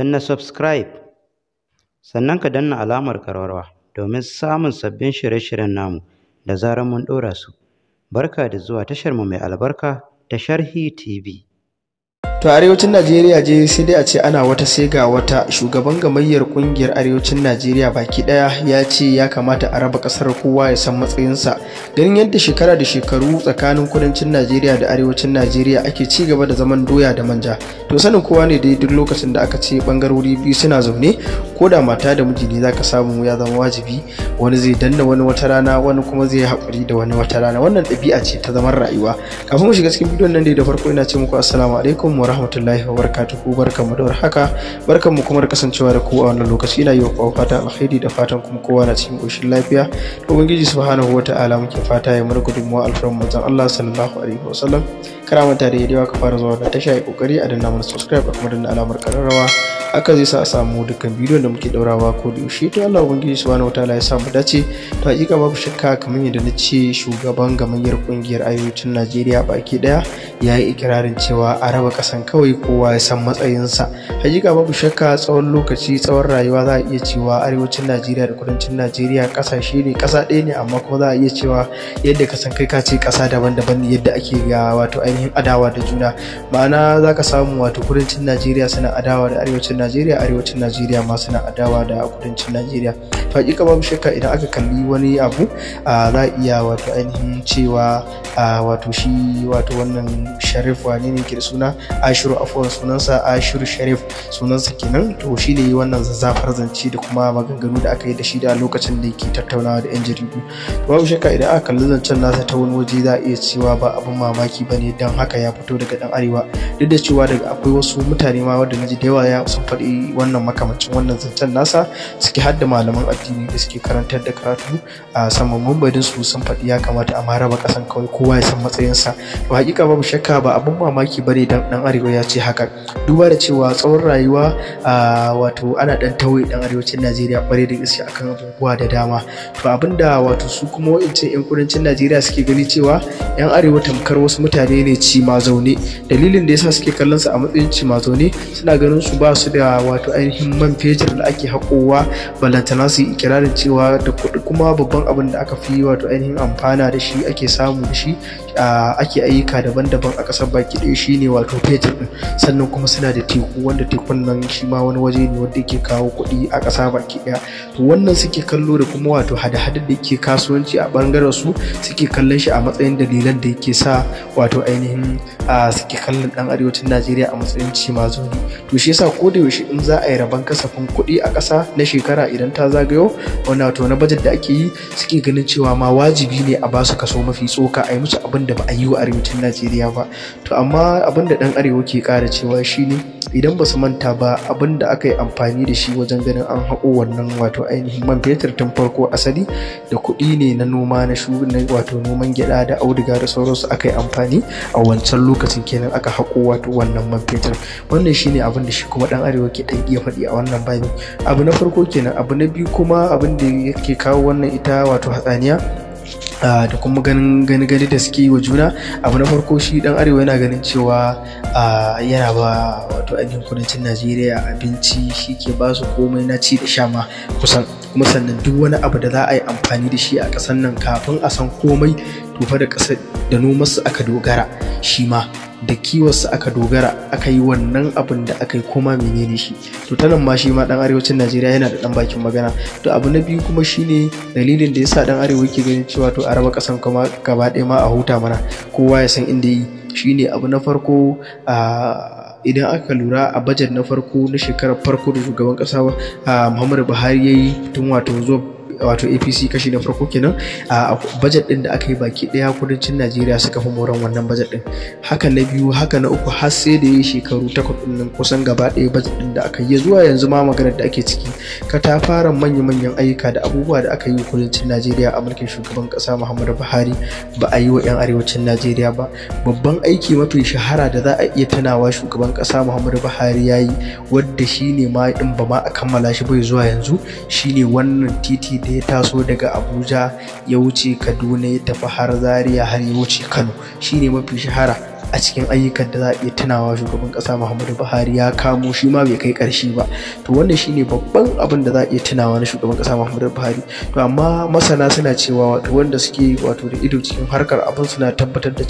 na subscribe sannan ka danna alamar karwarwa domin samun sabbin shirye-shiryen namu da zarar mun ɗora su. Barka da zuwa tashar mu mai albarka ta Sharhi TV. to arewacin najeriya je sai dai a ce ana wata sai ga wata shugaban gamayyar kungiyar arewacin najeriya baki daya ya ce ya kamata a raba kasar kowa ya san matsayinsa ganin yadda shekara da shekaru tsakanin kudancin najeriya da arewacin najeriya ake ci gaba da zaman doya da manja to sanin kowa ne dai duk lokacin da aka ce bangarori biyu suna zaune ko da mata da miji ne zaka samu ya zama wajibi wani zai danna wani wata rana wani kuma zai haƙuri da wani wata rana wannan ɗabi'a ce ta zaman rayuwa kafin mu shiga cikin bidiyon nan dai da farko ina ce muku assalamu alaikum wa rahmatullahi wa barakatuhu mu da warhaka mu kuma da kasancewa da ku a wannan lokaci ina yi wa kowa fatan alheri da fatan kuma kowa na cikin koshin lafiya to ubangiji subhanahu wataala muke fata ya mana dumuwa alfarin manzon Allah sallallahu alaihi sallam kana manta da yadewa ka fara zuwa da tasha ya kokari a danna mana subscribe a kuma danna alamar kararrawa aka zai sa a samu dukkan bidiyon da muke daurawa ko da yaushe to Allah ubangiji subhanahu wataala ya mu dace to hakika babu shakka kamar yadda na ce shugaban gamayyar kungiyar ayyukan Najeriya baki daya yayi ikirarin cewa a raba kasan kawai kowa ya san matsayinsa hakika babu shakka tsawon lokaci tsawon rayuwa za a iya cewa arewacin najeriya da kudancin najeriya kasashe ne kasa ɗaya ne amma kuma za a iya cewa yadda ka san kai ka ce kasa daban-daban yadda ake ga wato ainihin adawa da juna ma'ana za ka samu wato kudancin najeriya suna adawa da arewacin najeriya arewacin najeriya ma suna adawa da kudancin najeriya to hakika babu shakka idan aka kalli wani abu za a iya wato ainihin cewa wato shi wato wannan sharif wane ne ke da suna ashiru afuwan sunansa ashiru sharif sunansa kenan to shi ne wannan zazzafar zance da kuma maganganu da aka yi da shi da lokacin da yake tattaunawa da yan jaridu babu shakka idan aka kalli zancen nasa ta wani waje za a iya cewa ba abin mamaki ba ne don haka ya fito daga dan arewa duk da cewa daga akwai wasu mutane ma wanda na ji da yawa ya sun faɗi wannan makamancin wannan zancen nasa suke hadda malaman addini da suke karantar da karatu a saman mambadin su sun faɗi ya kamata a ma haraba ƙasan kawai kowa ya san matsayinsa to hakika babu shakka ba abin mamaki ba ne dan arewa ya ce haka duba da cewa tsawon rayuwa wato ana dan tauye dan arewacin najeriya kwarai da gaske akan abubuwa da dama to abinda wato su kuma wa'ancan yan kudancin najeriya suke gani cewa yan arewa tamkar wasu mutane ne ci ma zaune dalilin da yasa suke kallon su a matsayin ci ma zaune suna ganin su ba su da wato ainihin man fetur da ake haƙowa balantana su yi ikirarin cewa da kuma babban abin da aka fi wato ainihin amfana da shi ake samu da shi ake ayyuka daban-daban a ƙasar baki ɗaya shine wato fetur ɗin sannan kuma suna da teku wanda tekun nan shi ma wani waje ne wanda yake kawo kuɗi a ƙasa baki ɗaya to wannan suke kallo da kuma wato hada-hada da yake kasuwanci a ɓangaren su suke kallon shi a matsayin dalilan da yake sa wato ainihin suke kallon ɗan arewacin najeriya a matsayin ci ma mazo to shi yasa ko da yaushe in za a yi rabon kasafin kuɗi a ƙasa na shekara idan ta zagayo Wannan wato na bajet da ake yi suke ganin cewa ma wajibi ne a basu kaso mafi tsoka a yi musu abin da ba a yi wa arewacin najeriya ba to amma abin da ɗan arewa ke kara cewa shine idan ba su manta ba abin da aka yi amfani da shi wajen ganin an haƙo wannan wato ainihin man fetur tun farko asali da kuɗi ne na noma na shugaban wato noman gyaɗa da auduga da sauransu aka yi amfani a wancan lokacin kenan aka haƙo wato wannan man fetur wannan shine abin da shi kuma ɗan arewa ke dan iya faɗi a wannan bayani abu na farko kenan abu na biyu kuma abin da yake kawo wannan ita wato hatsaniya da kuma ganin gani gani da suke yi wa juna abu na farko shi dan arewa yana ganin cewa yana ba wato ainihin kudancin najeriya abinci shi ke ba su komai na ci da sha ma kusan kuma sannan duk wani abu da za a yi amfani da shi a ƙasar nan kafin a san komai tufa da ƙasar da nomarsu aka dogara shi ma da kiwonsu aka dogara aka yi wannan abin da aka yi koma menene shi to ta nan ma shi ma dan arewacin najeriya yana da dan bakin magana to abu na biyu kuma shine dalilin da yasa dan arewa yake ganin cewa to araba raba kasan kuma gaba ɗaya ma a huta mana kowa ya san inda yi shine abu na farko a idan aka lura a bajet na farko na shekarar farko da shugaban kasa muhammadu buhari ya yi tun wato zuwa wato apc kashi na farko kenan a budget din da aka yi baki daya kudancin najeriya suka fi moran wannan budget din haka na biyu haka na uku har sai da yi shekaru takwas din nan kusan gaba daya budget din da aka yi zuwa yanzu ma maganar da ake ciki katafaren manya-manyan ayyuka da abubuwa da aka yi kudancin najeriya a mulkin shugaban kasa muhammadu buhari ba a yi wa 'yan arewacin najeriya ba babban aiki mafi shahara da za a iya tunawa shugaban kasa muhammadu buhari ya yi wadda shine ma din ba ma a kammala shi bai zuwa yanzu shine wannan titi da ya taso daga abuja ya wuce kaduna ya tafi har zaria har ya wuce kano shine mafi shahara a cikin ayyukan da za a iya tunawa shugaban kasa muhammadu buhari ya kamo shi ma bai kai karshe ba to wannan shine babban abin da za a iya tunawa na shugaban kasa muhammadu buhari to amma masana suna cewa wato wanda suke wato da ido cikin harkar abin suna tabbatar da